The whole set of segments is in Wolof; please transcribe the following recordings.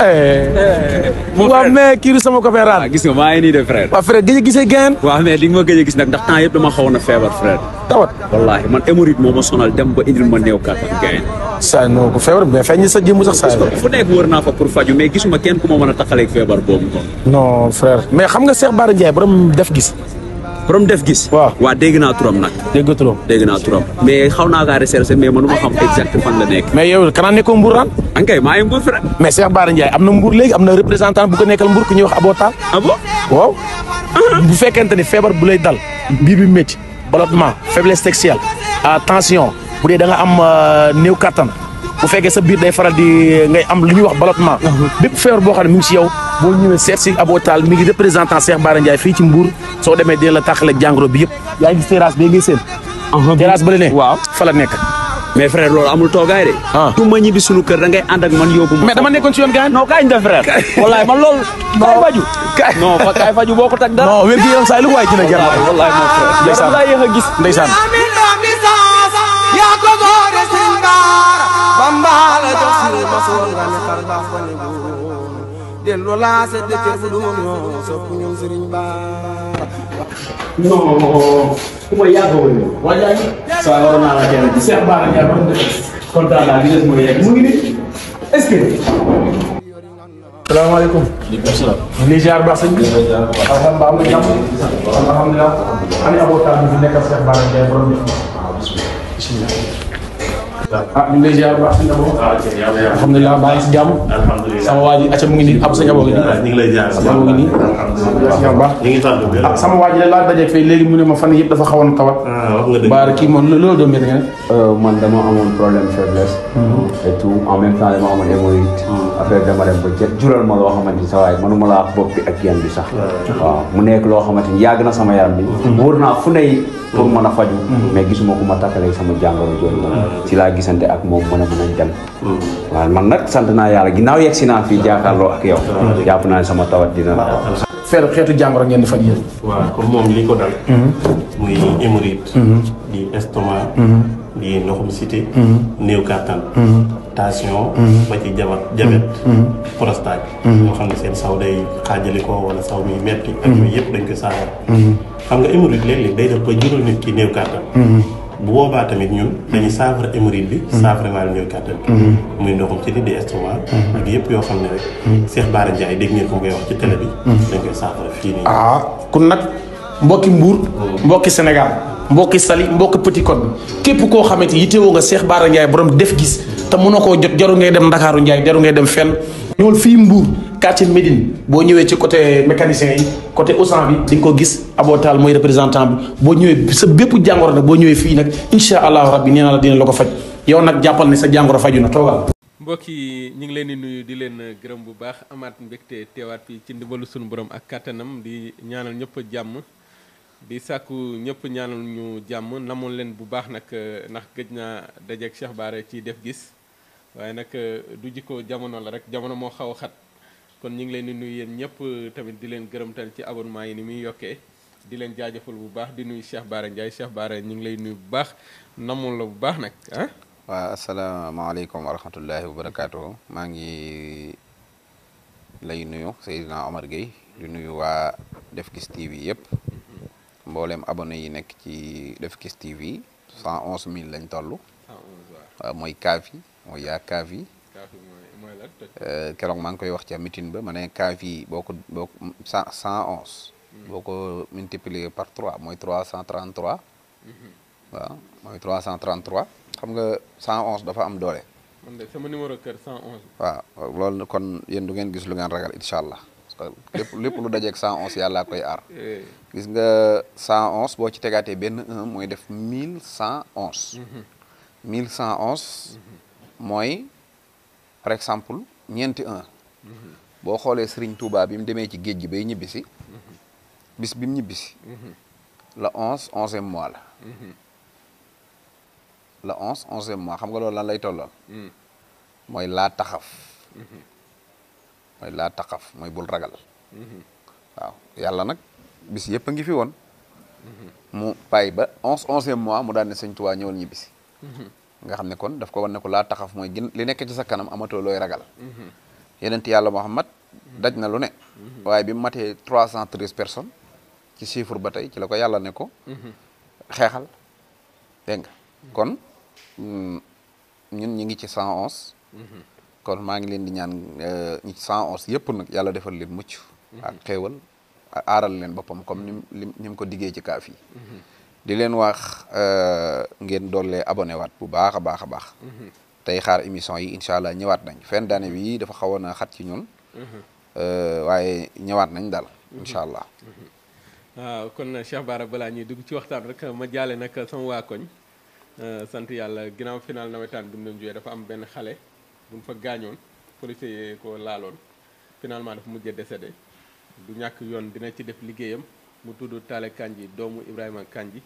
Eh. waaw mais kii du sama copain ah, gis nga maa ngi nii de frère. waaw frère gëj a gisee gën. waaw mais li nga ma gëj a gis nag ndax temps yëpp dama xawoon a feebar frère. tawat wallaahi man hémorroïde moo ma sonal dem ba indil ma néew kàttan gën. saa noo ko feebar mais feeñ sa jëmm sax saa fu nekk wër naa fa pour faju mais gisuma kenn ku ma mën a taxaleeg feebar boobu. non frère mais xam nga seex Bara Ndiaye borom def gis. borom def gis. waaw waaw dégg naa turam nag. dégg turam dégg naa turam. mais xaw naa kaa recherché mais mënu ma xam exact fan la nekk. mais yow kanaan nekkoo Mbour daal. ok ah, maa ngi Mbour mais Cheikh Bara Ndiaye am na Mbour léegi représentant bu ko nekkal Mbour ku ñuy wax Abotaal. ah bon waaw. Uh-huh. bu fekkente ni feebar bu lay dal. bii bi métti. ballottement faiblesse sexuelle. tension bu dee da nga am euh, néew kattan. bu fekkee sa biir day faral di ngay am lu ñuy wax ballottement bépp feebar boo xam ne mu ngi si yow boo ñëwee seet si Abo Tall mi ngi représentant Cheikh Bara Ndiaye fii soo demee dina la tàqale jàngoro bi yëpp yaa ngi gis terrasse bi ngay seen terrasse ne waaw fa nekk mais frère loolu amul toogaay de. ah tu ma ñibbi sunu kër da ngay ànd man yóbbu ma. mais dama nekkoon si yoon gaañ. non kaay ñu def frère. wallaay man loolu. kaay faju kaay non fa kaay faju boo ko tag dara. non wér gi yoon saa lu waay a gis ndeysaan. yaa ko bamba la jox si masoon nga ne xar baax ba ne buum dellu laa sa dëkkër bu duma ñoo sopp ñun sëriñ ba non ku ma yàgg woon wajaay soo waroon naa la kenn ci Cheikh Bara Ndiaye doon def kontaan naa li des mooy yegg mu ngi nii est-ce que salaamaaleykum. waaleykum salaam. lii ziar baax sëñ bi. alhamdulilah am na jàmm. alhamdulilah. am na abootaan bi fi nekkal Cheikh Bara Ndiaye borom def. a ah, ñu ngi lay ziar bu ah, sama waa ji acca mu ngi nii ab sëñ Abo ngi nii. Ah, ñu ngi lay ziar sama ngi nii. ah sama waa ji fee léegi mu ne ma fan yëpp dafa xawoon tawat. baar kii moom loolu doon métti euh, man dama amoon problème faiblesse. Mhm. et tout en même temps dama amoon hémorroïde. affaire ba jë jural ma loo xamante ni sa waay manuma laa bopp bi ak yan bi sax. waaw mu nekk loo xamante ni yàgg na sama yaram bi. Mhm. wóor naa fu ne pour mhm. mën a faju mais gisuma ku ma takkalee sama jàngoro jooju ci laa gisante ak moom mën a mën a dem. Hmm. waaw man nag sant naa yàlla ginnaaw yegg si naa fii jàkkaarloo ak yow. Hmm. jàpp naa ne sama tawat dina la. fer hmm. xeetu jàngoro ngeen di faj yéen. waaw comme moom li ko dal. muy hémorroïde. di estomac. di ndoxum cité. néew kàttan. tension. ba ci jabet. prostate. yoo xam ne seen saw day xaajali ko saw muy metti ak yooyu yëpp dañ ko saafara. xam nga hémorroïde léeg day def ba jural nit ki néew kàttan. bu boobaa tamit ñun dañuy saafara hémorroïde bi mhm. saafara naa ñooy kàttan bi mhm. muy ndoxum ci li di estomac mhm. ak yëpp yoo xam ne rek Cheikh Bara Ndiaye dégg ngeen ko mu koy wax ci télé bi dañ koy saafara fii ah kon nag mbokki Mbour mbokki Sénégal mbokki Saly mbokki Petit Côte képp koo xamante yittewoo nga Cheikh baara Ndiaye boroom def gis te mun mënoo koo jot jaru ngay dem Ndakaaru Ndiaye jaru ngay dem fen ñëwal fii Mbour quartier Médine boo ñëwee ci côté mécanicien yi côté Auchan bi di ko gis Abotal mooy représentant bi boo ñëwee sa bépp jàngoro nag boo ñëwee fii nag incha allahu rabbi nee la dina la ko faj yow nag jàppal ne sa jàngoro faju na toogal. mbokk yi ñu ngi leen di nuyu di leen gërëm bu baax amaat mbégte teewaat fii ci ndimbalu sunu borom ak kattanam di ñaanal ñëpp jàmm. di sàkku ñëpp ñaanal ñu jàmm namoon leen bu baax nag eh, ndax gëj naa dajeeg Cheikh Bara ci def gis waaye nag eh, du jikko jamono la rek jamono moo xaw xat kon ñu ngi leen di nuyu yéen ñëpp eh, tamit di leen gërëmtal ci abonnement yi ni muy yokkee di leen jaajëfal bu baax di nuyu Cheikh Bara Ndiaye Cheikh Bara ñu ngi lay nuyu bu baax namoon la bu baax nag ah. waaw asalaamaaleykum wa rahmatullahi wa barakaatu maa ngi lay nuyu Seydina Omar Gueye di nuyu waa def gis TV yëpp. mbooleem abonné yi nekk ci def Defkis TV cent onze mille lañ toll euh, mooy kaafi mooy yaa kaafi yi euh, keroog maa ngi koy wax ca meeting ba ma ne kaaf yi boo ko boo cent cent onze hmm. boo ko multiplier par trois mooy trois cent trente trois hmm. waaw mooy trois cent trente trois xam nga cent onze dafa am doole man de sama numéro kër cent waaw kon yéen du ngeen gis lu ngeen ragal incha allah lépp lépp lu dajeeg 111 yàllaa koy aar. Eh. gis nga once boo ci tegaatee benn 1 mooy def 1111. 1111. Mhm. Mhm. mooy par exemple ñeenti 1. Mhm. boo xoolee Serigne Touba bi mu demee ci géej gi bay ñibbisi. bis bi mu ñibbisi. la mois la. la 11 11 mois xam nga loolu lan lay tollal. Mm. mooy laa taxaf. mooy la taqaf mooy bul ragal mhm. waaw yàlla nag bis yëpp a ngi fi woon mhm. mu bàyyi ba onze onzième mois mu daan ne sëñ Tuubaa ñëwal ñibbisi mhm. nga xam ne kon def ko wan ko laa taxaf mooy li nekk ci sa kanam amatoo looy ragal yeneen yàlla Muhammad daj na lu ne waaye bi mu trois cent treize personnes ci chiffre ba tey ci la ko yàlla ne ko xeexal dégg nga kon mm, ñun ñi ngi ci cent onze kon maa ngi leen di ñaan cent onze yëpp nag yàlla defal leen mucc mhm. ak a aaral leen boppam comme nim lim ni ko diggee ci kaaf yi mhm. di leen wax euh, ngeen doole abonné waat bu baax a baax a baax mhm. tey xaar émission yi incha allah ñëwaat nañ fin d'année bi dafa xawoon a xat ci ñun euh, waaye ñëwaat nañ daal incha allah waaw ah, kon Cheikh Bara balaa ñuy dugg ci waxtaan rek ma jaale nag sama waa koñ euh, sant yàlla ginnaaw final nawetaan bi mu doon dafa am benn xale bu mu fa gaañoon policier yee ko laaloon finalement dafa mujje desede du ñàkk yoon dina ci def liggéeyam mu tudd Talla Kandji doomu Ibrahima Kandji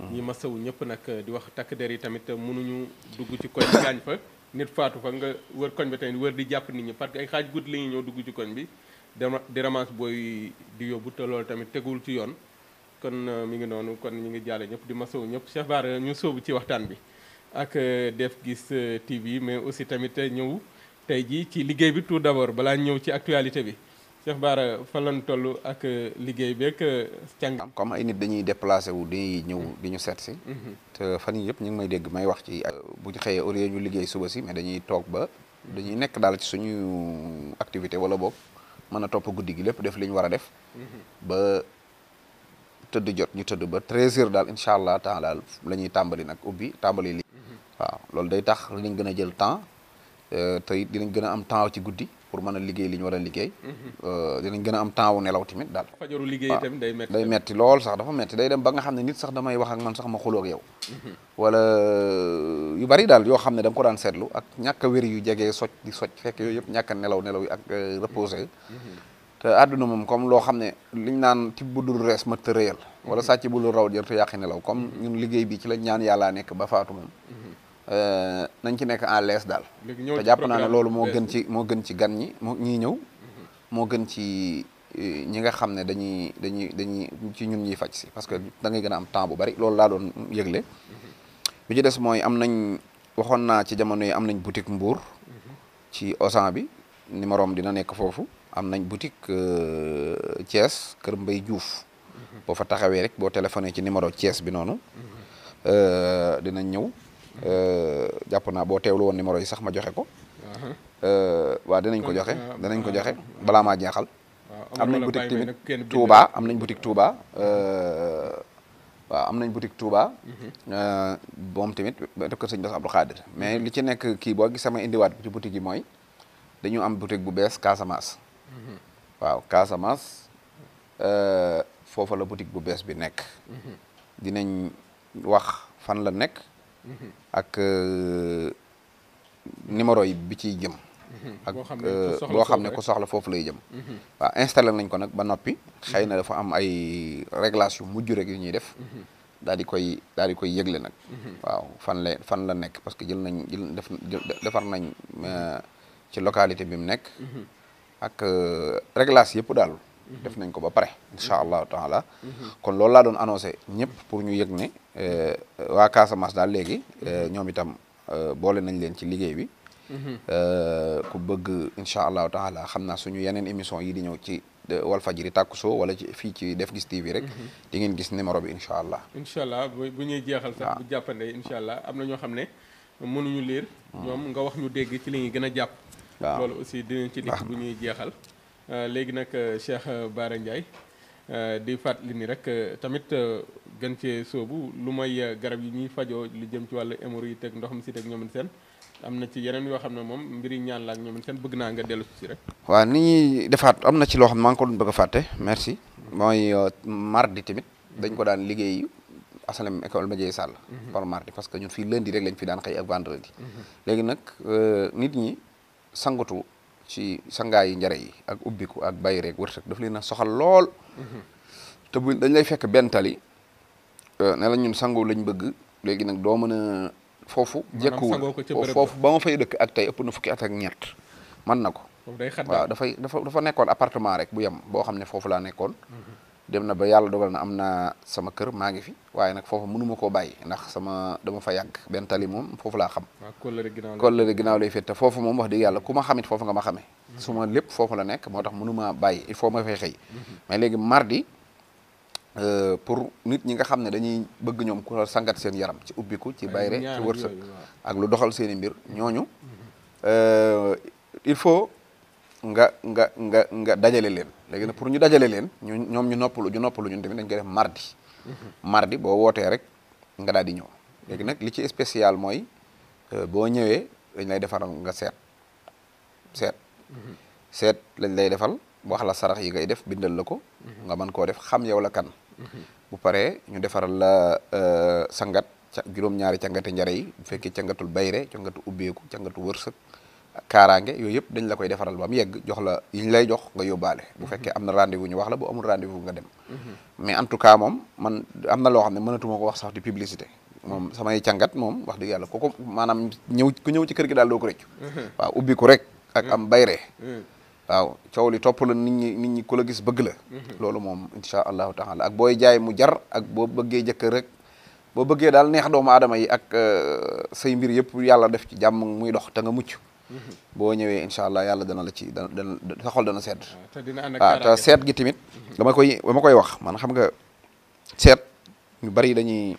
ñi hmm. masawu ñëpp nag di wax takk der yi tamit mënuñu dugg ci koñ gaañ fa nit faatu fa nga wër koñ bi tamit wër di jàpp nit ñi parce que ay xaaj guddi la ñuy dugg ci koñ bi di ramasse booy di yóbbu te tamit tegul ci yoon kon euh, mi ngi noonu kon ñu ngi jàlle ñëpp di masawu ñëpp Cheikh Bara ñu sóobu ci waxtaan bi ak euh, Def Gis euh, TV mais aussi tamit euh, ñëw tey jii ci liggéey bi tout d'abord balaa ñëw ci actualité bi Cheikh Bara fan lañ toll ak liggéey beeg càng comme ay nit dañuy déplacé wu dañuy ñëw di ñu seet si mhm. te fan yii yëpp ñu ngi may dégg may wax ci bu ñu xëyee au ñu liggéey suba si mais dañuy toog ba dañuy nekk daal ci suñu activité wala boog mën a topp guddi gi lépp def li ñu war a def mhm. ba tëdd jot ñu tëdd ba 13 heures daal incha allah taal daal la ñuy tàmbali nag ubbi tàmbali li waaw loolu day tax dinañ gën a jël temps euh, te it dinañ gën a am temps ci guddi pour mën a liggéey li ñu war a liggéey. Mm-hmm. Euh, dinañ gën am temps wu nelaw tamit daal. fajaru liggéey tamit day metti day metti lool sax dafa metti day dem ba nga xam ne nit sax damay wax ak man sax ma xuloo ak mm-hmm. wala euh, yu bari daal yoo xam ne da ko daan seetlu ak ñàkk a yu jege socc di socc fekk yooyu yëpp ñàkk a nelaw nelaw yi ak reposé. Mm-hmm. te adduna moom comme loo xam ne liñ naan ci budul rees mat réyal wala sàcc budul raw jël te yàqi nelaw comme ñun liggéey bi ci lañ ñaan yàllaa nekk ba faatu moom Euh, nañ ci nekk en lees daal te jàpp naa ne loolu moo gën ci moo gën ci gan ñi moo ñii ñëw mm-hmm. moo gën ci euh, ñi nga xam ne dañuy dañuy dañuy ci ñun ñuy faj si parce que da ngay gën a am temps bu bari loolu laa doon yëgle mm-hmm. bi ci des mooy am nañ waxoon naa ci jamono yi am nañ boutique Mbour mm-hmm. ci Auchan bi numéro am dina nekk foofu am nañ boutique euh, Thiès Kër Mbay Diouf boo fa taxawee rek boo téléphoné ci numéro Thiès bi noonu dinañ ñëw jàpp naa boo teewlu woon numéro yi sax ma joxe ko. Uh-huh. Uh, waaw dinañ ko joxe uh, danañ ko uh-huh. joxe balaa maa jeexal. am nañ boutique tamit Touba am nañ boutique Touba. Uh, waaw am nañ boutique Touba. Uh-huh. moom tamit def ko sëñ Bass Abdou mais li ci nekk kii boo gis sama indiwaat ci boutique yi mooy dañu am boutique bu bees Casamance. waaw Casamance foofa la boutique bu bees bi nekk. dinañ wax fan la nekk. ak euh, numéro yi bi ciy jëm. Mhm. ak boo xam ne euh, ko soxla foofu lay jëm. Mhm. waaw nañ ko nag ba noppi. xëy na mhm. dafa am ay réglage yu mujj rek yu ñuy def. daal di koy daal di koy yëgle nag. waaw fan la fan la nekk parce que jël nañ jël def defar nañ euh, ci localité bi mu nekk. ak réglage yëpp daal. def nañ ko ba pare incha allahu taala kon loolu laa doon annoncé ñëpp pour ñu yëg ne. Eh, waa Casamance daal léegi eh, ñoom itam eh, boole nañ leen ci liggéey bi. Mhm. ku bëgg incha allahu taala xam naa suñu yeneen émission yi di ñëw ci Walfadjri Takusoo wala ci fii ci Def Gis TV rek. Mhm. di ngeen gis numéro bi incha allah. incha allah bu ñuy jeexal sax bu jàppandee incha allah am na ñoo xam ne mënuñu liir. Mm. ñoom nga wax ñu dégg ci li gën a jàpp. waaw loolu aussi dinañ ci dikk bu ñuy jeexal. léegi nag Cheikh Bara Ndiaye di fàttali ni rek tamit. gën cee soobu lu mooy euh, garab yi ñuy fajoo lu jëm ci wàllu hémorroïde teg ndox mi si teg ñoomin seen am na ci yeneen yoo xam ne moom mbiri ñaan la ak ñoomin seen bëgg naa nga dellu si rek waaw ni defaat am na ci loo xam ne maa ngi ko doon a fàtte merci mooy euh, mardi tamit dañ ko daan liggéey asalem école ma jëy sàll mhm. par mardi parce que ñun fii lundi rek lañ fi daan xëy ak vendredi mhm. léegi nag euh, nit sangaa yi njare yi ak ubbiku ak bàyyi rek wërsëg daf leen a soxal lool mhm. te bu dañ lay fekk benn tali Euh, ne la ñun sangoo lañ bëgg léegi nag doo mën a foofu jekkuwul foofu ba ma fay dëkk ak tey ëpp na fukki at ak man na ko waaw dafay dafa dafa nekkoon appartement rek bu yam boo xam ne foofu laa nekkoon mhm. dem na ba yàlla dogal na am naa sama kër maa ngi fi waaye nag foofu mënuma koo bàyyi ndax sama dama fa yàgg benn tali moom foofu laa xam kóllëre ginnaaw lay féet te foofu moom wax dëgg yàlla ku ma xamit foofu nga ma xamee mhm. su ma lépp foofu la nekk moo tax mënuma bàyyi il faut ma fay mhm. mais léegi mardi Euh, pour nit ñi nga xam ne dañuy bëgg ñoom ku sangat seen yaram ci ubbiku ci bayre ci wërsëg ak lu doxal seen i mbir mm-hmm. ñooñu euh, il faut nga nga nga nga dajale leen léegi nag pour ñu dajale leen ñu ñoom ñu noppalu ñu noppalu ñun tamit dañ koy def mardi mm-hmm. mardi boo wootee rek nga daal di ñëw léegi nag li ci spécial mooy euh, boo ñëwee dañ lay defaral nga seet seet mm-hmm. seet lañ lay defal wax la sarax yi ngay def bindal la ko nga mën koo def xam yow la kan bu paree ñu defaral la sangat euh, ca juróom-ñaari cangati njare yi bu fekkee cangatul bayre cangatu ubbeeku cangatu wërsëg kaaraange yooyu yëpp dañ la koy defaral ba mu yegg jox la yi ñu lay jox nga yóbbaale bu fekkee am na rendez-vous ñu wax la bu amul rendez-vous nga dem mais en tout cas moom man am na loo xam ne mënatuma ko wax sax di publicité moom samay cangat moom wax dëgg yàlla kooku maanaam ñëw ku ñëw ci kër gi daal doo ko rëccu mhm. waaw ubbi ko rek am bayree mhm. waaw coow li topp la nit ñi nit ñi ku la gis bëgg la mhm. loolu moom incha allahu taala ak booy jaay mu jar ak boo bëggee jëkkër rek boo bëggee daal neex doomu aadama yi ak euh, say mbir yëpp yàlla def ci jàmm muy dox te nga mucc mhm. boo ñëwee incha allah yàlla dana la ci dana dana sa xol dana sedd ah, waaw seet gi tamit mhm. dama koy dama koy wax man xam nga seet ñu bari dañuy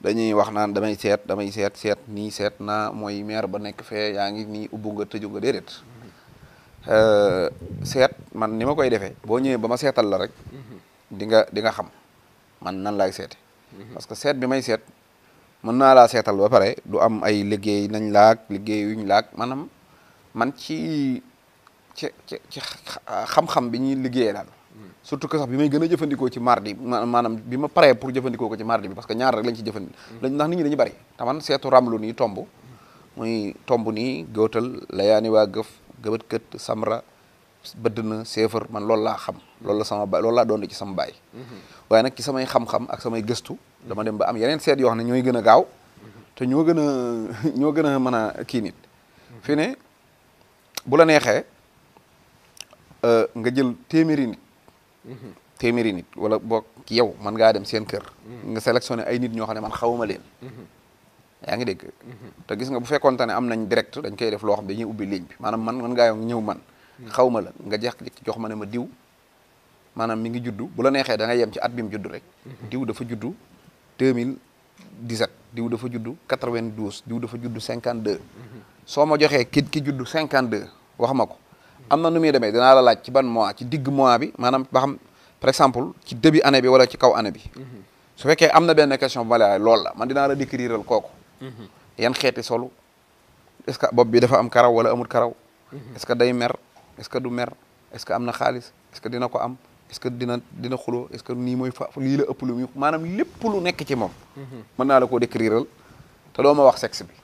dañuy wax naan damay seet damay seet seet ni seet naa mooy meer ba nekk fee yaa ngi ni ubbu nga tëju nga Euh, seet man ni ma koy defee boo ñëwee ba ma seetal la rek mhm. di nga di nga xam man nan laay seete mhm. parce que seet bi may seet mën naa laa seetal ba pare du am ay liggéey nañ laag liggéey yuñ laak maanaam man ci ci ci xam-xam bi ñuy liggéeyee daal mhm. surtout bi may gën jëfandikoo ci mardi maanaam bi ma paree pour jëfandikoo ko ci mardi bi parce que ñaar rek lañ ci jëfandikoo. lañ ndax nit ñi dañu bari. taman seetu ramlu nii tomb muy tomb nii góotal layaani waa gëf gëbët kët samra bëdd na seefar man loolu laa xam loolu la sama baay loolu laa doon ci sama baay mhm. waaye nag ci samay xam-xam ak samay gëstu dama dem ba am yeneen seet yoo xam ñooy gën a gaaw te ñoo gën a ñoo gën a mën a kii nit mhm. fi bu la neexee euh, nga jël téeméeri nit mhm. téeméeri nit wala boog yow man ngaa dem seen kër nga sélectionné ay nit ñoo xam ne man xawuma leen yaa ngi dégg te gis nga bu fekkoonte ne am nañ direct dañ koy def loo xam dañuy ubbi ligne bi maanaam man man ngaa yow ñëw man xaw ma la nga jeex jox ma ne ma diw maanaam mi ngi juddu bu la neexee da nga yem ci at bi mu juddu rek diw dafa juddu 2017 diw dafa juddu 92 diw dafa juddu 52 soo ma joxee ki ki juddu 52 wax ma ko am na nu muy demee dinaa la laaj ci ban ci digg mois bi maanaam ba par exemple ci début année bi wala ci kaw année bi su fekkee am na benn question bu ma la loolu la man dinaa la décriral kooku Mm-hmm. yan xeeti solu est ce que bopp bi dafa am karaw wala amul karaw mm-hmm. est ce que day mer est que du mer est ce que am na xaalis est que dina ko am est que dina dina xuloo est ce que nii mooy fa lii la ëpp lu lépp lu nekk ci moom mm-hmm. mën naa la koo décriral te doo ma wax sexe bi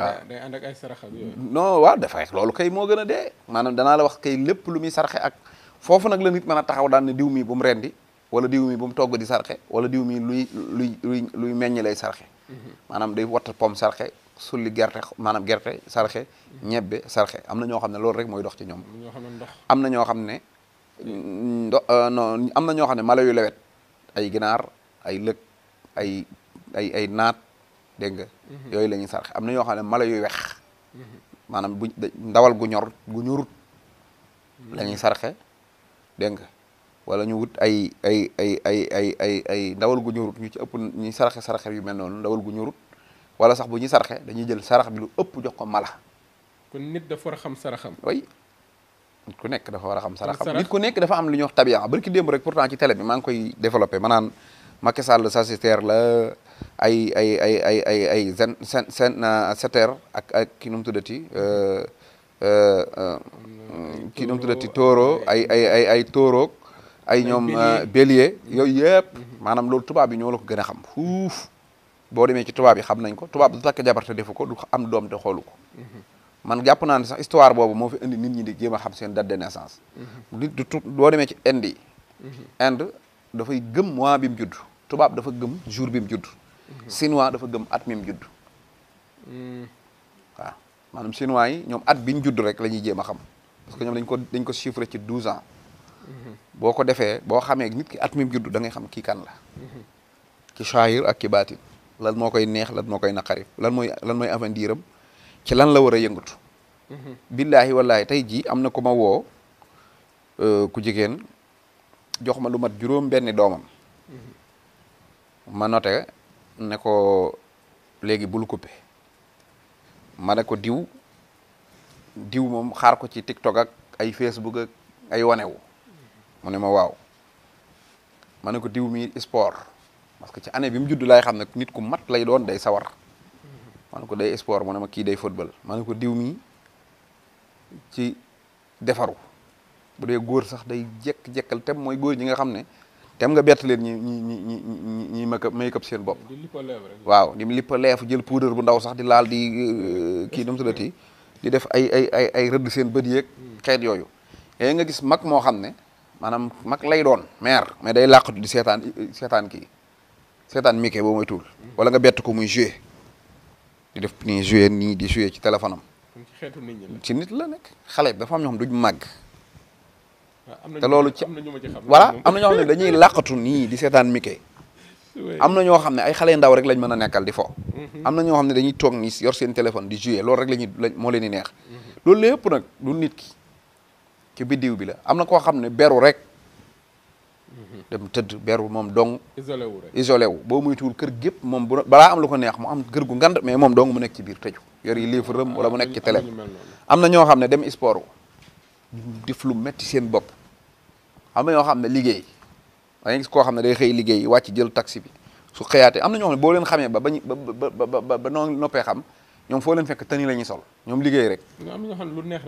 waaw ah. day ànd ak ay sarax ak yooyu non waaw dafay loolu kay moo gën a dee danaa la wax kay lépp lu muy saraxe ak foofu nag la nit a taxaw daan ne diw mi bu rendi wala diw mi bu mu togg di sarxe wala diw mi luy luy luy luy meññ lay sarxe mm-hmm. maanaam day watta pom sarxe sulli gerte maanaam gerte sarxe mm-hmm. ñebbe sarxe am na ñoo xam ne loolu rek mooy dox ci ñoom am na ñoo xam ne ndo euh, am na ñoo xam ne mala yu lewet ay ginaar ay lëg ay ay naat dégg nga mm-hmm. yooyu la ñuy sarxe am na ñoo xam ne mala yu wex maanaam bu ndawal gu ñor gu ñorut lañuy sarxe dégg nga wala ñu wut ay ay ay ay ay ay ay ndawal gu ñurut ñu ci ëpp ñuy saraxe saraxe yu mel noonu ndawal gu ñurut wala sax bu ñuy saraxe dañuy jël sarax bilu ëpp jox ko mala. kon nit dafa war xam saraxam. oui nit ku nekk dafa war a xam saraxam nit ku nekk dafa am lu ñuy wax tabiya barki démb rek pourtant ci télé bi maa ngi koy développé ma naan Macky Sall la ay ay ay ay ay ay zen sen sen sagittaire ak ak ki nu mu tuddati. ki nu mu tuddati tooro ay ay ay ay tooroog. ay ñoom euh, bélier yooyu mm-hmm. yëpp maanaam loolu tubaab yi ñoo la ko gën a xam fuuf boo demee ci tubaab yi xam nañ ko tubaab du takk jabar te defu ko du am doom te xoolu ko mm-hmm. man jàpp naa ne sax histoire boobu moo fi indi nit ñi di jéem a xam seen date de naissance mm-hmm. nit du boo demee ci indi yi dafay gëm mois bi mu judd tubaab dafa gëm jour bi mu judd chinois dafa gëm at mi judd mm. waaw maanaam chinois yi ñoom at bi ñu judd rek la ñuy jéem a xam parce que ñoom dañ ko dañ ko chiffré ci douze ans boo ko defee boo xamee nit ki at mi juddu dangay xam kii kan la ki shahir ak ki lan moo koy neex lan moo koy naqari lan mooy lan mooy avenir am ci lan la war a yëngatu billaahi wallaahi tey jii am na ku ma woo euh, ku jigéen jox ma lu mat juróom benni doomam ma noté ne ko léegi bul coupé ma ne ko diw diw moom xaar ko ci TikTok ak ay Facebook ak ay wanewu mu ne ma waaw ma ne ko diw mi sport parce que ci année bi mu judd laay xam ne nit ku mat lay doon day sawar ma ne ko day sport mu ne ma kii day football ma ne ko diw mii ci defaru bu dee góor sax day jekk-jekkal tem mooy góor ñi nga xam ne tem nga bett leen ñi ñi ñi ñi ñi make seen bopp waaw di lippa leef jël poudre bu ndaw sax di laal di euh, kii dum salati di def ay ay ay ay rëdd bët yeeg hmm. xeet yooyu nga gis mag moo xam ne maanaam mag lay doon maire mais day làqatu di seetaan seetaan kii seetaan mike boo moy tuul wala nga bett ko muy jouer di def nii jouer nii di jouer ci téléphone am ci nit la nekk xale bi dafa am ñoo xam duñ màgg ah, te loolu ci voilà am na ñoo xam ne dañuy làqatu nii di seetaan mike am na ñoo xam ne ay xale ndaw rek lañ mën a nekkal di fo mhm. am na xam ne dañuy toog nii yor seen téléphone di jouer loolu rek la moo leen ni neex mhm. loolu lépp nag du nit ki ci biddiw bi la am na koo xam ne beru rek mhm. dem tëdd beru moom dong isolé wu rek wu boo muy tuul kër gépp moom bu balaa am lu ko neex mu am kër gu ngand mais moom dong mu nekk ci biir tëju yor yi livre rëm wala mu nekk ci télé ah, am na ñoo xam ne dem sport def metti seen bopp am na ñoo xam ne liggéey da ngay koo xam ne day xëy liggéey wàcc jël taxi bi su xëyaatee am na ñoo xam ne boo leen xamee ba ba ba ba ba noo noppee xam ñoom foo leen fekk tani la ñuy sol ñoom liggéey rek. am na ñoo ne lu neex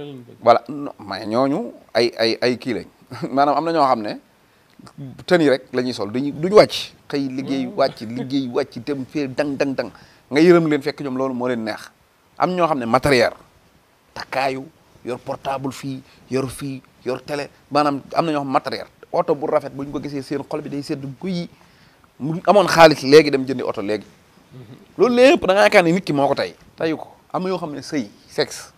la mais ñooñu ay ay ay kii lañ maanaam am na ñoo xam ne tani rek lañuy sol duñu duñu wàcc xëy liggéey mm. wàcc liggéey wàcc dem fee dang dang dang nga yërëm leen fekk ñoom loolu moo leen neex am ñoo xam ne matériel takkaayu yor portable fii yor fii yor tele maanaam am na ñoo xam matériel oto bu rafet bu ñu ko gisee seen xol bi day sedd guyi mu amoon xaalis léegi dem jëndi oto léegi mm-hmm. loolu lépp da nga yaakaar ne nit ki moo ko tey tayu ko am yoo xam ne sëy sex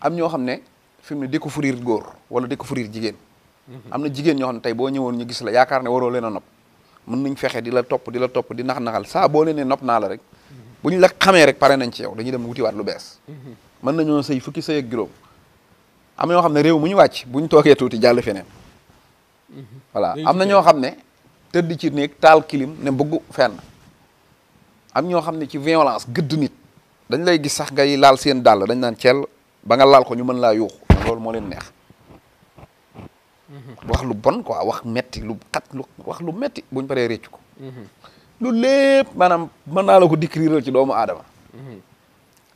am ñoo xam ne fi mu ne découvrir góor wala découvrir jigéen am na jigéen ñoo xam ne tey boo ñëwoon ñu gis la yaakaar ne waroo leen nopp mën nañ fexe di la topp di la topp di nax-naxal saa boo nopp naa la rek bu ñu la xamee rek pare nañ ci yow dañuy dem wutiwaat lu bees mën nañoo sëy fukki sëy ak juróom am xam ne réew mu ñu wàcc bu ñu toogee tuuti jàll feneen am na ñoo xam ne tëdd ci néeg taal kilim ne bëggu fenn am ñoo xam ne ci violence gëdd nit dañ lay gis sax ngay laal seen dàll dañ naan ceel ba nga laal ko ñu mën laa yuuxu loolu leen neex mhm. lu bon quoi wax metti lu xat wax lu metti buñ paree réccu ko mhm. lu lépp maanaam mën naa la ko ci doomu aadama mhm.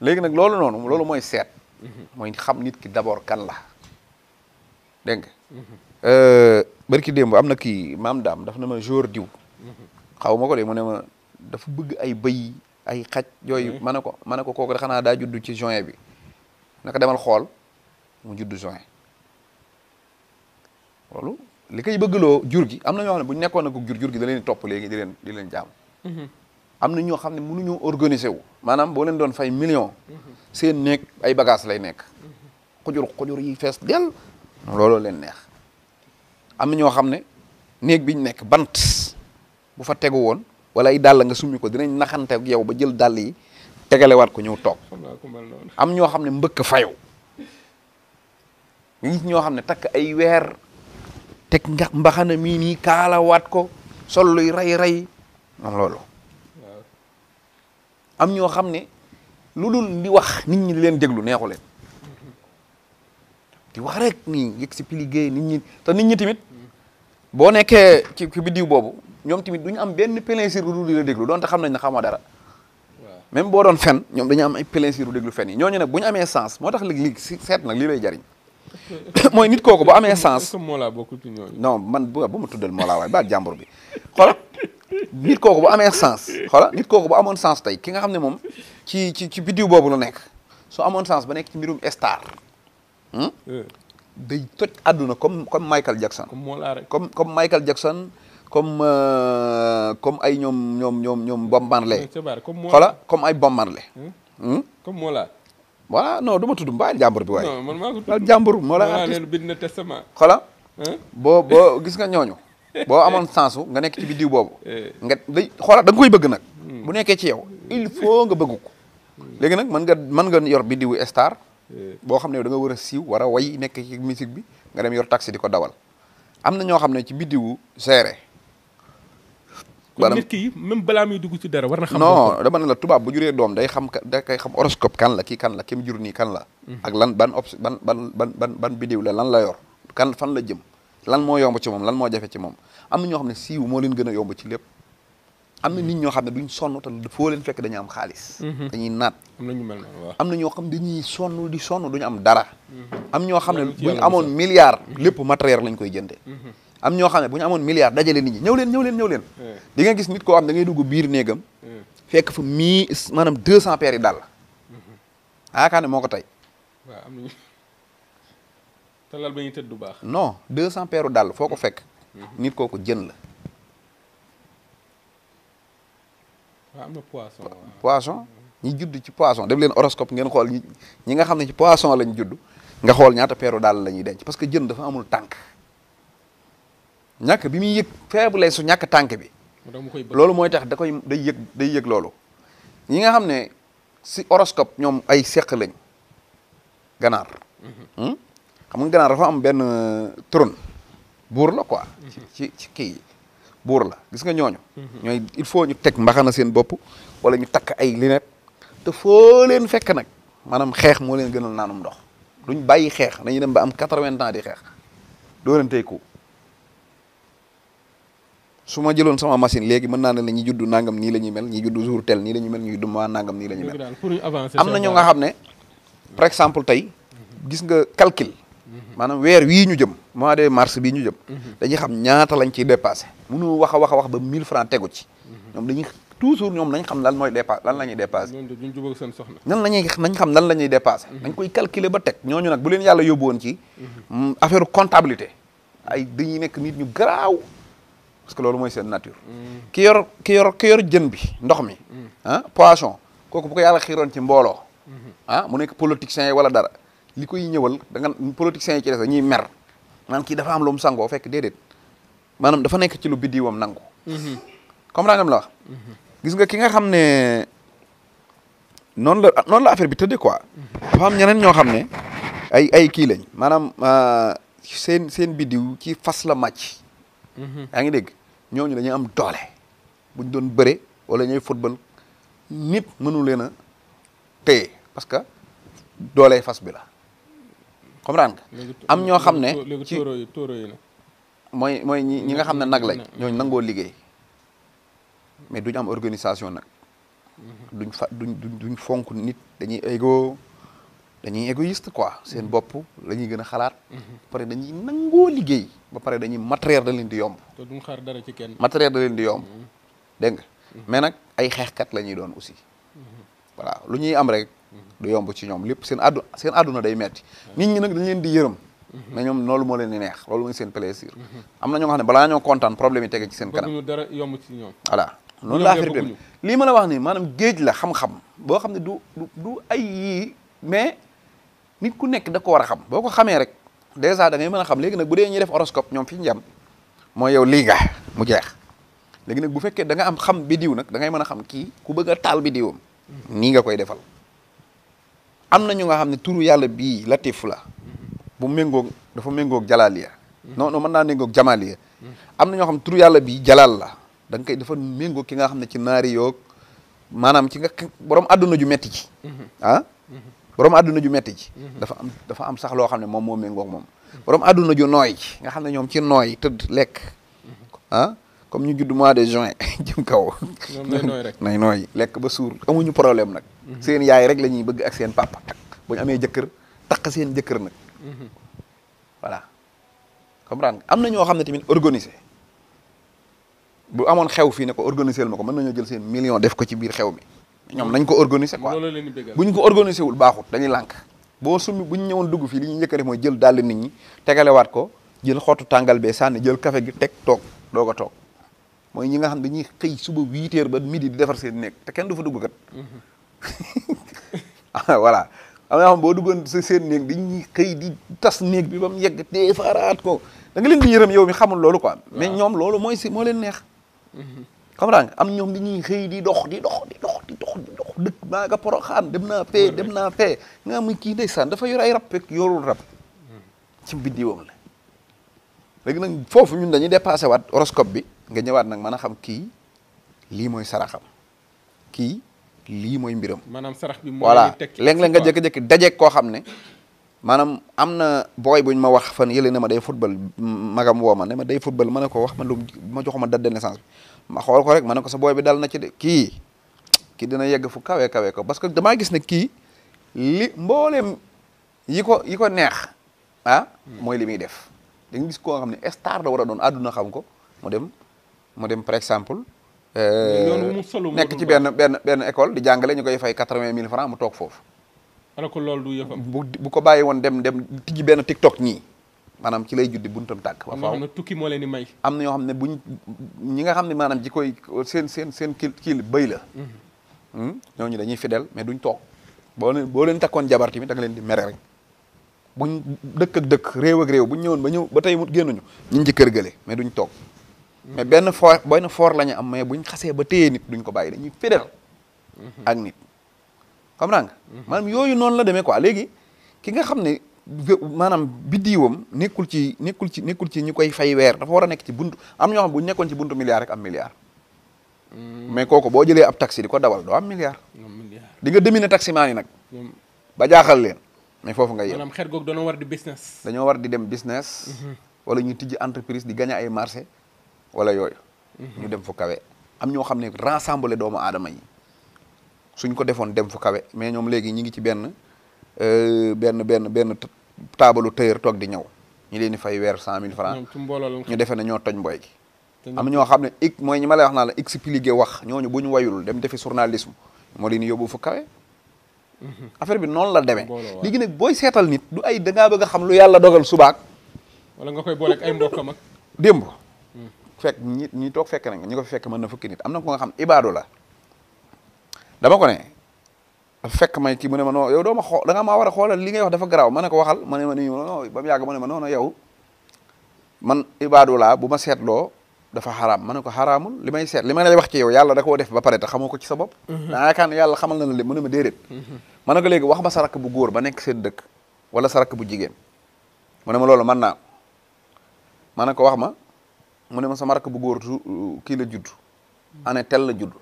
léegi nag loolu noonu loolu mooy seet mooy xam nit ki d'abord kan la dégg nga euh, barki démb am na kii maam daam daf na ma jour diw xaw ma ko de mu ne ma dafa bëgg ay bëy ay xaj yooyu mm-hmm. ma ne ko ma ne ko kooku xanaa daa juddu ci juin bi naka demal xool mu judd juin loolu li koy bëggloo jur gi am na ñoo bu ñu nekkoon nag jur jur gi da topp léegi di leen di leen jaam mm-hmm. am na ñoo xam ne mënuñoo organiser wu maanaam boo leen doon fay million mm-hmm. seen néeg ay bagage lay nekk xujur xujur yi fees del looloo leen neex am na ñoo xam ne néeg biñ nekk bant bu fa tegu woon wala ay dàll nga summi ko dinañ naxante ak yow ba jël dàll yi tegale waat ko ñëw toog am ñoo xam ne mbëkk fayu nit ñoo xam ne takk ay weer teg nga mbaxana mii nii kaalawaat ko sol luy rey-rey am loolu am ñoo xam ne lu dul di wax nit ñi leen déglu neexu leen mm-hmm. di wax rek nii yëg si piliggéey nit ñi nit ñi tamit boo nekkee ci ci biddiw boobu ñoom tamit du ñu am benn plaisir bu dul di la déglu donte xam nañ ne xamoo dara même boo doon fen ñoom dañu am ay plaisir bu déglu fen yi ñooñu ne bu ñu amee sens moo tax léegi léegi seet nag lii lay jariñ mooy nit kooku bu amee sens Mollah bokkul ci ñooñu non man bu bu ma tuddal Mollah waaye ba jàmbur bi xola nit kooku bu amee sens xola nit kooku bu amoon sens tey ki nga xam ne moom ci ci ci biddiw boobu la nekk su amoon sens ba nekk ci mbirum star hmm? eh. day toj àdduna comme comme Michael Jackson. comme Mola rek comme comme Michael Jackson comme euh, comme ay ñoom ñoom ñoom ñoom Bob Marley. xoola comme ay Bob Marley. Hmm? Hmm? comme Mola. voilà non du ma tudd mbaa jàmbur bi waaye. non man maa ko tudd ah, jàmbur Mola. bind na testament. xoola hmm? boo gis nga ñooñu. boo amoon sensu nga nekk ci biddiw boobu. Eh. nga day xoola da koy bëgg nag. bu nekkee ci yow il faut nga bëgg léegi nag mën nga mën nga yor biddiwu star boo xam ne danga war a siiw war a way nekk ci musique bi nga dem yor taxi di ko dawal am na ñoo xam ne ci biddiwu seere nit ki même balaa muy dugg ci dara war na xam non dama ne la tubaab bu juree doom day xam da kay xam horoscope kan la kii kan la kem jur nii kan la mhm. ak lan ban obs ban ban ban ban ban biddiw la lan la yor kan fan la jëm lan moo yomb ci moom lan moo jafe ci moom am na ñoo xam ne siiw moo leen gën a yomb ci lépp am na nit ñoo xam ne duñ sonn te foo leen fekk dañu am xaalis. Mhm. dañuy naat. am na am na ñoo xam dañuy sonn di sonn duñu am dara. Mhm. am ñoo xam ne buñ amoon milliard. Mhm. lépp matériel lañ koy jënde am ñoo xam ne bu ñu amoon milliard dajale nit ñi ñëw leen ñëw leen ñëw leen. Eh. di nga gis nit ko xam da ngay dugg biir néegam. Eh. fekk fa mii maanaam deux cent paires yi daal. ne moo ko tey. waaw am nañu te lal ba ñuy du baax. non deux cent paires dàll foo ko fekk. nit kooku jën la. am na poisson poisson ñi judd ci poisson def leen horoscope ngeen xool ñi ñi nga xam ne ci poisson lañ judd nga xool ñaata peeru daal la ñuy denc parce que jën dafa amul tànk ñàkk bi muy yëg faible su ñàkk tànk bi loolu mooy tax da koy day yëg day yëg loolu ñi nga xam ne si horoscope ñoom ay seq lañ ganaar mm-hmm. hmm? xam nga ganaar dafa am benn euh, trône buur la quoi mm-hmm. ci ci kii buur la gis nga ñooñu. Mhm. ñooy il faut ñu teg mbaxana seen bopp wala ñu takk ay linet te foo leen fekk nag maanaam xeex moo leen gënal naanum ndox duñ bàyyi xeex nañu dem ba am quatre-vingts ans di xeex dooleentey ko su ma jëloon sama machine léegi mën naa ne la ñi juddu nangam nii la ñuy mel ñi juddu jour tel nii la ñuy mel ñi juddu mois nangam nii la ñuy mel. am na ñu nga xam ne par exemple tey gis nga calcul. maanaam weer wii ñu jëm mois de mars bii ñu jëm mhm. dañuy xam ñaata lañ ciy dépassé mënu wax a wax a wax ba 1000 francs tegu ci mhm. ñoom dañuy toujours ñoom nañ xam lan mooy dépassé lan la ñuy dépassé duñ jubóog seen soxna nan lañuy nañ xam lan la ñuy dépassé mhm. koy calculer ba teg ñooñu nag bu leen yàlla yóbbu ci mm, affaire comptabilité ay dañuy nekk nit ñu garaaw parce que loolu mooy seen nature ki yor ki yor ki yor jën bi ndox mi ah poisson kooku bu ko yàlla xiiroon ci mbooloo ah mu nekk politicien wala dara li koy ñëwal da nga politiciens yi ci des dañuy mer naan kii dafa am lu mu sangoo fekk déedéet maanaam dafa nekk ci lu biddiwam nangu. Mhm. comprendre nga la mhm. gis nga ki nga xam ne noonu la noonu la affaire bi tëddee quoi. Mhm. dafa am ñeneen ñoo xam ne ay ay kii lañ maanaam euh, seen seen biddiw ci fas la màcc. yaa ngi dégg ñooñu dañuy am doole buñ doon bëre wala ñooy football nit mënu leen a téye parce que doole fas bi la. comprendre nga am ñoo xam ne ci mooy mooy ñi ñi nga xam ne nag lañ ñooñu nangoo liggéey mais duñ am organisation nag mm-hmm. duñ fa duñ duñ fonk nit dañuy égo dañuy égoïste quoi seen mm-hmm. bopp la ñuy gën a xalaat mm-hmm. pare dañuy nangoo liggéey ba pare dañuy matériel da leen di yomb te duñ xaar dara ci kenn matériel da leen di yomb dégg nga mais nag ay xeexkat lañuy doon aussi voilà lu ñuy am rek du yomb ci ñoom lépp seen adu seen àdduna day metti nit ñi nag dañ leen di yërëm mais ñoom loolu moo leen di neex loolu mooy seen plaisir am na ñoo xam ne balaa ñoo kontaan problème yi tege ci seen kanam dara yomb ci ñoom voilà noonu laa xir lii ma la wax ni maanaam géej la xam boo xam ne du du ay mais nit ku nekk da ko war a xam boo ko xamee rek dèjà da ngay mën a xam léegi nag bu dee ñuy def horoscope ñoom fi ñu jam mooy yow lii nga mu jeex léegi nag bu fekkee da nga am xam bidiw nag da mën a xam kii ku bëgg a taal bidiwam nii nga koy defal am na ñu nga xam ne turu yàlla bii latif la bu méngoog dafa méngoog jalaaliya non non mën naa méngoog jamaaliya am na ñoo xam ne turu yàlla bi jalaal la da nga koy dafa méngoog ki nga xam ne ci naari yoog maanaam ci nga borom àdduna ju metti ci ah borom àdduna ju metti dafa am dafa sax loo xam ne moom moo méngoog moom borom àdduna ju nooy nga xam ne ñoom ci nooy tëdd lekk ah? comme ñu judd mois de juin jëm kaw. nay nooy rek nay nooy lekk ba suur amuñu problème nag. Mhm. seen yaay rek la ñuy bëgg ak seen papa. boo ñu amee jëkkër takk seen jëkkër nag. Mhm. voilà comprendre am na ñoo xam ne tamit organisé bu amoon xew fii ne ko organisé ma ko mën nañoo jël seen million def ko ci biir xew mi. ñoom nañ ko organisé quoi bu ñu ko organisé wul baaxut dañuy lànk boo summi bu ñu ñëwoon dugg fii li ñu njëkk a def mooy jël dàll nit ñi tegalewaat ko jël xottu tàngal bee sànni jël café gi teg toog doog a toog. mooy ñi nga xam dañuy kay suba huit heures ba midi di defar seen nekk te kenn du fa dugg kat. Mm-hmm. voilà am na xam boo duggoon sa seen néeg dañuy xëy di tas néeg bi ba mu yegg te ko danga nga leen di yërëm yow mi xamul loolu quoi. mais ñoom loolu mooy si moo leen neex. Mm-hmm. comprends nga am ñoom dañuy xëy di dox di dox di dox di dox di dox dëkk maa nga poroxaan dem naa fee dem naa fee nga muy kii ndeysaan dafa yor ay rab rek yorul rab. Mm-hmm. nag foofu ñun dañuy dépassé waat horoscope bi. nga ñëwaat nag mën a xam kii lii mooy saraxam kii lii mooy mbiram. maanaam sarax bi mooy li teg léeg-léeg nga jékki-jékki dajeeg koo xam ne. maanaam am na booy buñ ma wax fan yële na ma day football magam woo ma ne ma day football ma ne ko wax ma lu ma joxuma date de naissance ma xool ko rek ma ne ko sa booy bi dal na ci de kii kii dana yegg fu kawe kawe ko parce que damaa gis ne kii li mbooleem yi ko yi ko neex ah hmm. mooy li muy def da gis koo xam ne star la war doon àdduna xam ko moo dem moo dem par exemple. Euh, nekk ci benn benn benn école di jàngale ñu koy fay quatre-vingt mille francs mu toog foofu. alors loolu du yëfam bu ko bàyyi woon dem dem tijji benn TikTok nii maanaam ci lay juddi buntam tàkk. waaw faaw am na tukki moo leen may. am na ñoo xam ne buñ ñi nga xam ne maanaam ji koy seen seen seen kii kii bëy la. Mhm. Hmm, ñooñu dañuy fidèle mais duñ toog. boo leen boo leen takkoon jabar tamit da leen di mere rek buñ dëkk ak dëkk réew ak réew buñ ñëwoon ba ñëw ba tey mu génn ñu ngi ci kër gële mais duñ toog. mais benn foor benn foor la ñu am mais buñ xasee ba téye nit duñ ko bàyyi dañuy fidèle ak nit comprendre nga mhm. maanaam yooyu noonu la demee a léegi ki nga xam ne maanaam biddiwam nekkul ci nekkul ci nekkul ci ñu koy fay weer dafa war a nekk ci bunt am ñoo xam bu nekkoon ci buntu milliard rek am milliar mm. mais kooko boo jëlee ab taxi di ko dawal doo am milliard di nga ne taximaan yi nag mm. ba jaaxal leen mais foofu nga yem maanaam xeet googu dañoo war di business dañoo war di dem business mhm. wala ñu tijj entreprise di gagné ay marché wala yooyu. Mhm. ñu dem fu kawe am ñoo xam ne rassembler doomu aadama yi suñ ko defoon dem fu kawe mais ñoom léegi ñi ngi ci benn euh, benn benn benn taabalu tëyër toog di ñëw ñu leen di fay weer cent mille francs ñu defee ne ñoo toj mboy am ñoo xam ne ik mooy ñu ma lay wax naa la expliquer wax ñooñu bu ñu wayul dem defi journalisme moo leen yóbbu fu kawe. Mhm. affaire bi noonu la demee. léegi nag booy seetal nit du ay da ngaa a xam lu yàlla dogal subaak. wala nga koy boole ay mbokkam ak démb. fekk ñi ñi toog fekk nañ ñi ko fekk mën na fukki nit am na ko nga xam ibaadu la dama ko ne fekk may kii mu ne ma non yow doo ma xool da ma war a xoolal li ngay wax dafa garaaw mane ko waxal ma ne ma nii non ba mu yàgg ma ne ma non yow man ibaadu laa bu ma seetloo dafa xaraam ma ne ko xaraamul li may seet li ma lay wax ci yow yàlla da koo def ba pare te xamoo ko ci sa bopp mhm. da yàlla xamal na la li mu ne ma déedéet mhm. ma ne ko léegi wax ma sa rakk bu góor ba nekk seen dëkk wala sa bu jigéen mu ne ma loolu mën naa ma ne ko wax ma mu ne ma sama rakk bu góor euh, kii la judd année tel la judd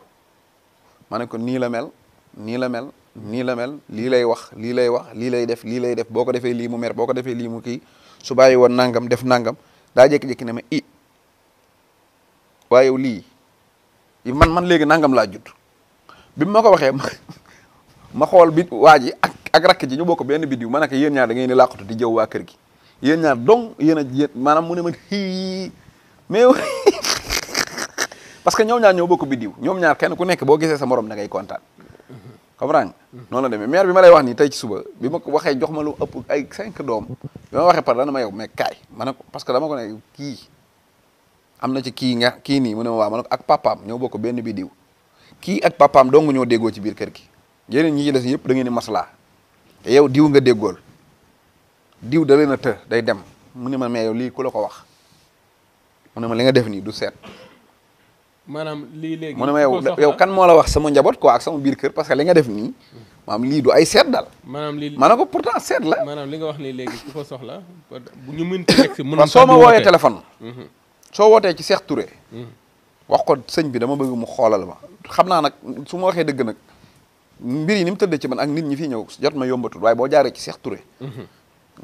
ma ne ko nii la mel nii la mel nii la mel lii lay wax lii lay wax lii lay def lii lay def boo ko defee lii mu mer boo ko defee lii mu kii su bàyyi woon nangam def nangam daa jékki-jékki ne ma i waaye yow lii man man léegi nangam laa judd bi ma ko waxee ma xool bi waa ji ak ak rakk ji ñu bokk benn biddiw ma ne ko yéen ñaar da ngeen di làqatu di jëw waa kër gi yéen ñaar dong yéen a yéen ma xii mais parce que ñoom ñaar ñoo bokk diw ñoom ñaar kenn ku nekk boo gisee sa moroom da ngay kontaan comprendre nga mm-hmm. noonu la demee maire bi ma lay wax nii tey ci suba bi ma ko waxee jox ma lu ëpp ay cinq doom bi ma waxee par dana ma yow mais kaay ma ko parce que dama ko ne kii am na ci kii nga kii nii mu ne ma waa ak papaam ñoo bokk benn diw kii ak papaam dong ñoo déggoo ci biir kër gi yeneen ñi ci des yëpp da ngeen maslaa yow diw nga déggool diw da leen a të day dem mu ne ma mais lii ku la ko wax mu ne ma li nga def nii du seet. maanaam lii léegi. mu ne ma yow yow kan moo la wax sama njaboot ko ak sama biir kër parce que li nga def nii. maanaam lii du ay seet daal. maanaam lii ma ne ko pourtant seet la. maanaam li nga wax nii léegi ku ko soxla. bu ñu mën ci soo ma wooyee téléphone. Mhm. soo wootee ci Cheikh Touré. Mhm. wax ko sëñ bi dama bëgg mu xoolal ma. xam naa nag su ma waxee dëgg nag mbir yi ni mu tëddee ci man ak nit ñi fii ñëw jot ma yombatul waaye boo jaaree ci Cheikh Touré. Mhm.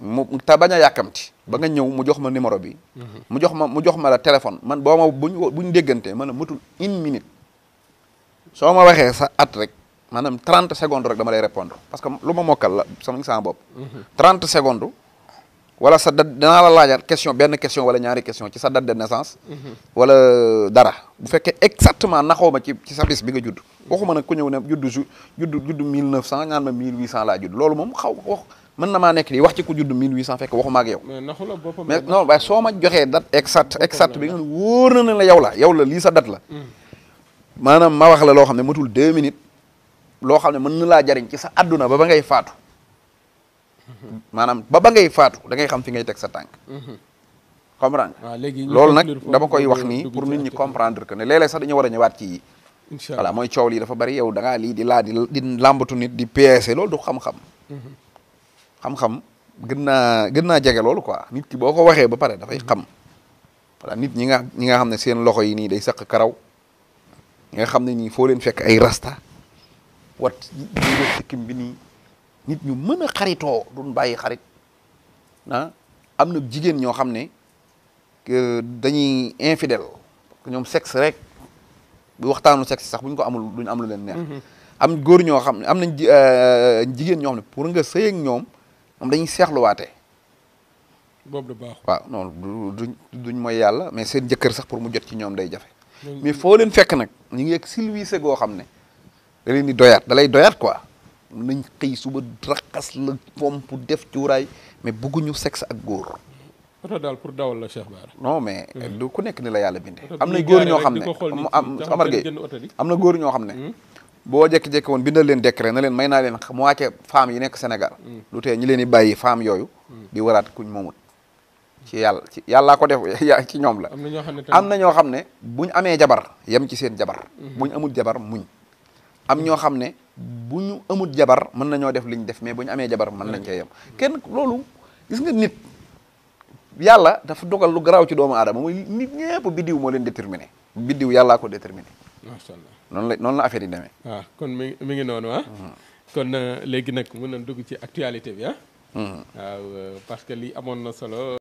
mu te bañ a yàkkamti ba nga ñëw mu jox ma numéro bi mhm. mu jox ma mu jox ma téléphone man boo ma buñ buñ déggante man a matul une minute soo ma waxee sa at rek maanaam trente secondes rek dama lay répondre parce que lu ma mokkal la sama sama bopp mhm. trente secondes wala sa date danaa la laajal question benn question wala ñaari question ci sa date de naissance mhm. wala dara bu fekkee exactement naxoo ma ci ci sa bis bi nga judd waxuma nag ku ñëw ne judd ju judd judd mille neuf cent ñaan ma mille huit cent laa judd loolu moom xaw wax mën na maa nekk di wax ci ku judd 1800 fekk waxuma ak yow. mais naxu la boppam mais soo ma joxee date exacte exacte bi nga xam ne wóor na la yow la yow la lii sa date la. Hmm. maanaam ma wax la loo xam ne matul deux minutes loo xam ne mën na laa jariñ ci sa adduna ba ba ngay faatu. maanaam ba ba ngay faatu da ngay xam fi ngay teg sa tànk. Hmm. comprendre nga. loolu nag dama koy wax nii pour nit ñi comprendre que ne léeg-léeg sax dañu war a ñëwaat ci yi. incha mooy coow lii dafa bari yow dangaa lii di laa di di làmbatu nit di peese loolu du xam-xam. Hmm. xam-xam gën naa gën naa jege loolu quoi nit ki boo ko waxee ba pare dafay xam voilà nit ñi nga ñi nga xam ne seen loxo yi nii day saq karaw ñi nga xam ne ñii foo leen fekk ay rasta wat ñuy bi nii nit ñu mën a xaritoo duñ bàyyi xarit ah, am na jigéen ñoo xam ne dañuy infidèle parce que ñoom sexe rek bu waxtaanu sexe sax buñ ko amul duñ am lu leen neex mm-hmm. am góor ñoo xam ne am nañ euh, jigéen ñoo xam ne pour nga sëy ak ñoom moom dañuy seexluwaate boobu baax waaw non duñ duñ mooy yàlla mais seen jëkkër sax pour mu jot ci ñoom day jafe. mais foo leen fekk nag ñu ngi yegg silvissé goo xam ne da leen di doyaat da lay doyaat quoi nañ xëy suba raxas la pompe def cuuraay mais bëgguñu sexe ak góor. oto dawal la Cheikh Bara. non mais du ku nekk ni la yàlla bindee. am na góor ñoo xam ne am Amar Gueye am na góor ñoo xam ne. boo jékki-jékki woon bindal leen décret na leen may naa leen moitié femme yi nekk Sénégal mm. lu tee ñi leen di bàyyi femme yooyu mm. di waraat kuñ moomut ci yàlla ci yàllaa ko def ci ñoom la am na ñoo xam ne buñ amee jabar yem ci seen jabar mm-hmm. buñ amul jabar muñ am ñoo xam ne bu ñu amul jabar mën nañoo def liñ def mais bu ñu amee jabar mën nañ cee yem mm-hmm. kenn loolu gis nga nit yàlla dafa dogal lu garaaw ci doomu aadama mooy nit ñëpp biddiw moo leen déterminé biddiw yàllaa ko déterminé macha allah noonu la noonu la affaire yi demee. waaw ah, kon mi mi ngi noonu ah. Mm-hmm. kon euh, léegi nag mën na dugg ci actualité bi ah. mm-hmm. waaw euh, parce que lii amoon na solo.